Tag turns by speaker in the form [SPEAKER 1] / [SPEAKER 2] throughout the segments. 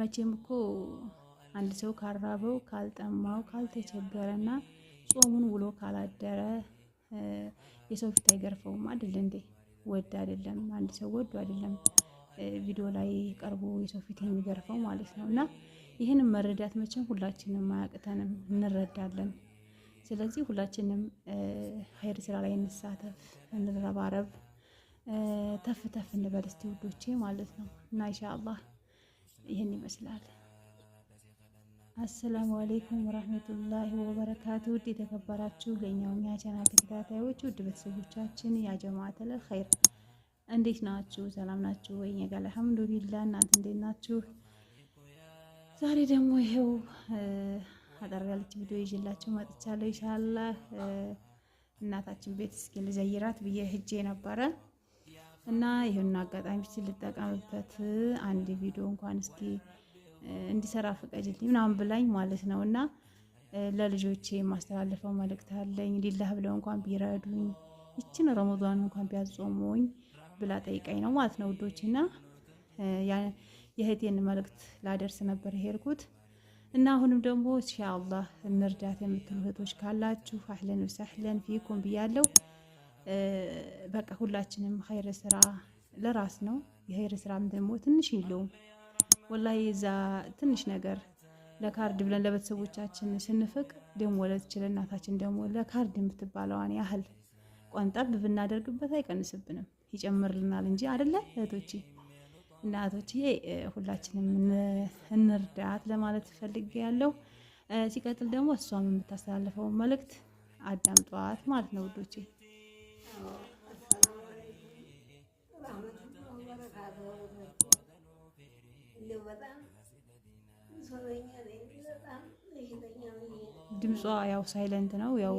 [SPEAKER 1] መቼም እኮ አንድ ሰው ካራበው ካልጠማው ካልተቸገረና ጾሙን ውሎ ካላደረ የሰው ፊት አይገርፈውም አይደል እንዴ? ወድ አይደለም አንድ ሰው ወዱ አይደለም ቪዲዮ ላይ ቀርቦ የሰው ፊት የሚገርፈው ማለት ነው። እና ይህንም መረዳት መቼም ሁላችንም አያቅተንም እንረዳለን። ስለዚህ ሁላችንም ሀይር ስራ ላይ እንሳተፍ፣ እንረባረብ፣ ተፍ ተፍ እንበል እስቲ ውዶቼ ማለት ነው እና ኢንሻአላህ ይህን ይመስላል። አሰላሙ አሌይኩም ወራህመቱላሂ ወበረካቱ። ውድ የተከበራችሁ ሚያ ቻናል ተከታታዮች ውድ ቤተሰቦቻችን ያጀማተለ ኸይር እንዴት ናችሁ? ሰላም ናችሁ ወይ? እኛ ጋር አልሐምዱሊላ። እናንተ እንዴት ናችሁ? ዛሬ ደግሞ ይሄው አጠር ያለች ቪዲዮ ይዤላችሁ መጥቻለሁ። ኢንሻአላህ እናታችን ቤት እስኪ ልዘይራት ብዬ ሂጄ ነበረ። እና ይህን አጋጣሚ ስል ልጠቀምበት አንድ ቪዲዮ እንኳን እስኪ እንዲሰራ ፍቀጅልኝ ምናምን ብላኝ ማለት ነው። እና ለልጆቼ የማስተላለፈው መልእክት አለኝ። ሊላህ ብለው እንኳን ቢረዱኝ ይችን ረመዷን እንኳን ቢያጾሙኝ ብላ ጠይቃኝ ነው ማለት ነው ውዶች። እና የእህቴን መልእክት ላደርስ ነበር የሄድኩት እና አሁንም ደግሞ ኢንሻአላህ እንርዳት የምትሉ እህቶች ካላችሁ አህለን ወሰህለን ፊኩም ብያለሁ። በቃ ሁላችንም ኸይር ስራ ለራስ ነው። የኸይር ስራም ደግሞ ትንሽ የለውም ወላሂ እዛ ትንሽ ነገር ለካርድ ብለን ለቤተሰቦቻችን ስንፍቅ ደግሞ ለትችል እናታችን ደግሞ ለካርድ የምትባለዋን ያህል ቆንጠብ ብናደርግበት አይቀንስብንም ይጨምርልናል እንጂ አደለ እህቶቼ እና ሁላችንም እንርዳት ለማለት ፈልግ ያለው ሲቀጥል ደግሞ እሷም የምታስተላልፈው መልእክት አዳምጧት ማለት ነው ውዶቼ ድምጿ ያው ሳይለንት ነው። ያው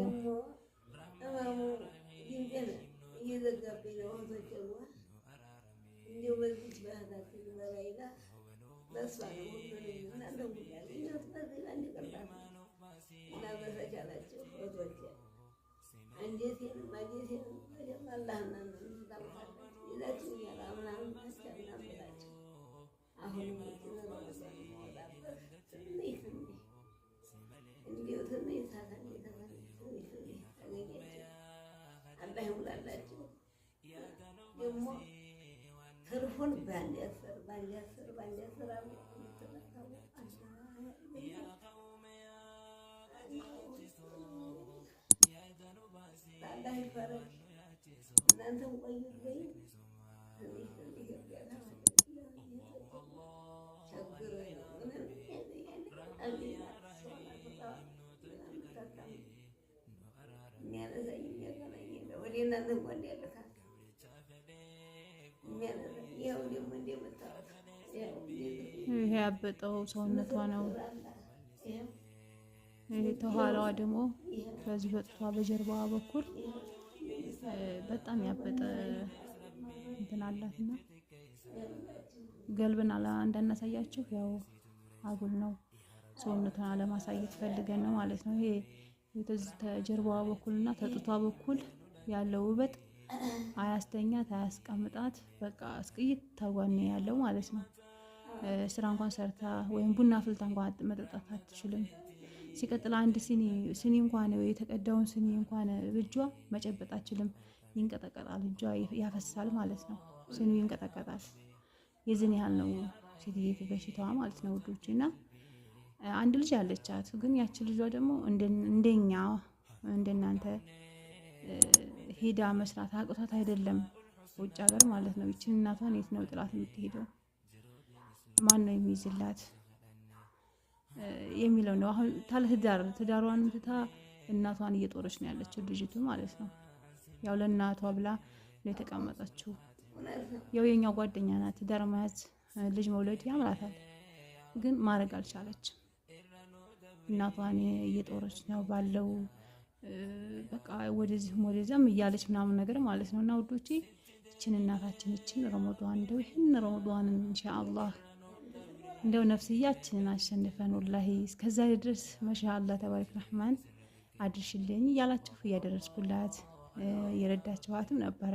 [SPEAKER 1] ይሄ ያበጠው ሰውነቷ ነው። ይሄ ተኋላዋ ደግሞ በዚህ በጥቷ በጀርባዋ በኩል በጣም ያበጠ እንትን አላትና ገልብን እንዳናሳያችሁ ያው አጉል ነው። ሰውነቷን አለማሳየት ፈልገን ነው ማለት ነው። ይሄ ተጀርባዋ በኩልና ተጡቷ በኩል ያለው ውበት አያስተኛት፣ አያስቀምጣት። በቃ እስቅይት ታጓኔ ያለው ማለት ነው። ስራ እንኳን ሰርታ ወይም ቡና ፍልታ እንኳን መጠጣት አትችልም። ሲቀጥል አንድ ስኒ ሲኒ እንኳን የተቀዳውን ስኒ እንኳን እጇ መጨበጥ አችልም፣ ይንቀጠቀጣል፣ እጇ ያፈሳል ማለት ነው። ስኒ ይንቀጠቀጣል። የዚህን ያህል ነው ሴትየቱ በሽታዋ ማለት ነው ውዶች። እና አንድ ልጅ አለቻት፣ ግን ያቺ ልጇ ደግሞ እንደኛ እንደናንተ ሄዳ መስራት አቅቷት አይደለም ውጭ ሀገር ማለት ነው። ይችን እናቷን የት ነው ጥላት የምትሄደው? ማን ነው የሚይዝላት? የሚለው ነው። አሁን ታለ ትዳሯን ትታ እናቷን እየጦረች ነው ያለችው ልጅቱ ማለት ነው። ያው ለእናቷ ብላ ነው የተቀመጠችው። ያው የኛው ጓደኛ ናት። ትዳር መያዝ ልጅ መውለድ ያምራታል፣ ግን ማድረግ አልቻለችም። እናቷን እየጦረች ነው ባለው በቃ ወደዚህም ወደዚያም እያለች ምናምን ነገር ማለት ነው። እና ውዶቼ ይችን እናታችን ይችን ረመዷን እንደው ይህን እንሻ አላህ እንደው ነፍስያችንን አሸንፈን ወላሂ እስከዛ ድረስ ማሻአላ ተባረክ ረህማን አድርሽልኝ እያላችሁ እያደረስኩላት የረዳችኋትም ነበረ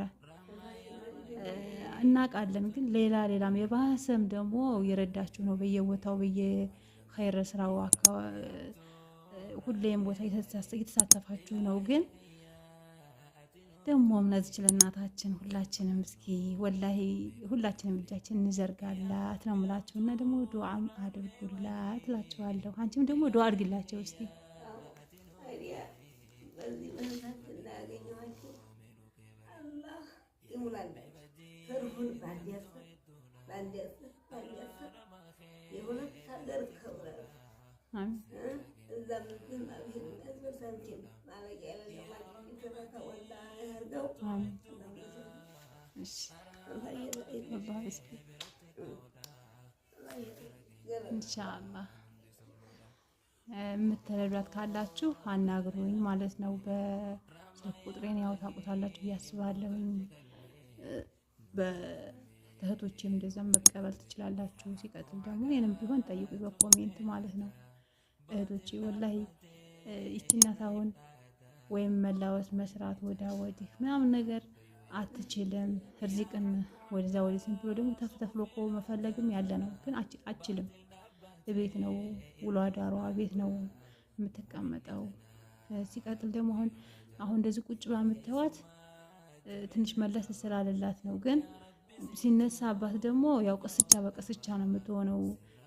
[SPEAKER 1] እናውቃለን። ግን ሌላ ሌላም የባሰም ደግሞ የረዳችሁ ነው። በየቦታው በየኸይረ ስራው ሁሌም ቦታ የተሳተፋችሁ ነው ግን ደግሞ እምነት ለእናታችን ሁላችንም እስኪ ወላሂ ሁላችንም እጃችን እንዘርጋላት ነው ምላችሁ እና ደግሞ ዱዓም አድርጉላት እላችኋለሁ። አንቺም ደግሞ ዱዓ አድርግላቸው እስኪ አሜን። ኢንሻአላህ የምትረዷት ካላችሁ አናግሩኝ ማለት ነው። በስልክ ቁጥሬን ያው ታውቁታላችሁ ብዬ በእህቶቼም እንደዛም መቀበል ትችላላችሁ። ሲቀጥል ደግሞ ይህንም ቢሆን ጠይቁ በኮሜንት ማለት ነው። እህቶቼ ወላሂ ይቺ እናት አሁን ወይም መላወስ መስራት ወዳ ወዲህ ምናምን ነገር አትችልም። እርዚቅን ወደዛ ወደዚህ ብሎ ደግሞ ተፍተፍሎ መፈለግም ያለ ነው፣ ግን አችልም። ቤት ነው ውሎ አዳሯ፣ ቤት ነው የምትቀመጠው። ሲቀጥል ደግሞ አሁን አሁን እንደዚህ ቁጭ ብላ የምትተዋት ትንሽ መለስ ስላለላት ነው። ግን ሲነሳ አባት ደግሞ ያው ቅስቻ በቅስቻ ነው የምትሆነው፣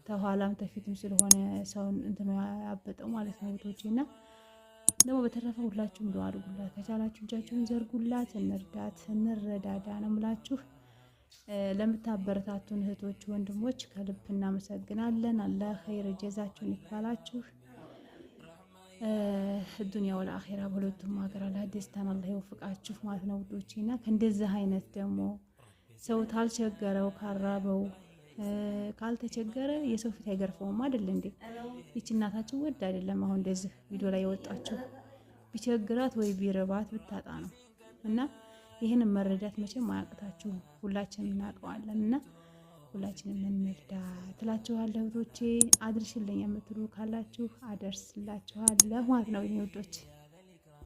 [SPEAKER 1] ተኋላም ተፊትም ስለሆነ ሰውን እንትኑ ያበጠው ማለት ነው። ደግሞ በተረፈ ሁላችሁም ዱአ አድርጉላት፣ ከቻላችሁ እጃችሁን ዘርጉላት፣ እንርዳት፣ እንረዳዳ ነው ምላችሁ። ለምታበረታቱን እህቶች ወንድሞች ከልብ እናመሰግናለን። አላህ ኸይር ጀዛችሁን ይክፈላችሁ። ዱንያ ወለ አኺራ በሁለቱም ሀገር አላህ ደስታን አላህ ይወፍቃችሁ ማለት ነው ውዶቼ እና ከእንደዚህ አይነት ደግሞ ሰው ታልቸገረው ካራበው ካልተቸገረ የሰው ፊት አይገርፈውም አይደል እንዴ? ይቺ እናታችን ወድ አይደለም አሁን እንደዚህ ቪዲዮ ላይ የወጣችው ቢቸግራት ወይ ቢረባት ብታጣ ነው። እና ይህንን መረዳት መቼም አያቅታችሁ፣ ሁላችንም እናውቀዋለን። እና ሁላችንም እንርዳ ትላችኋለሁ። እህቶቼ አድርሽልኝ የምትሉ ካላችሁ አደርስላችኋለሁ ማለት ነው ውዶች።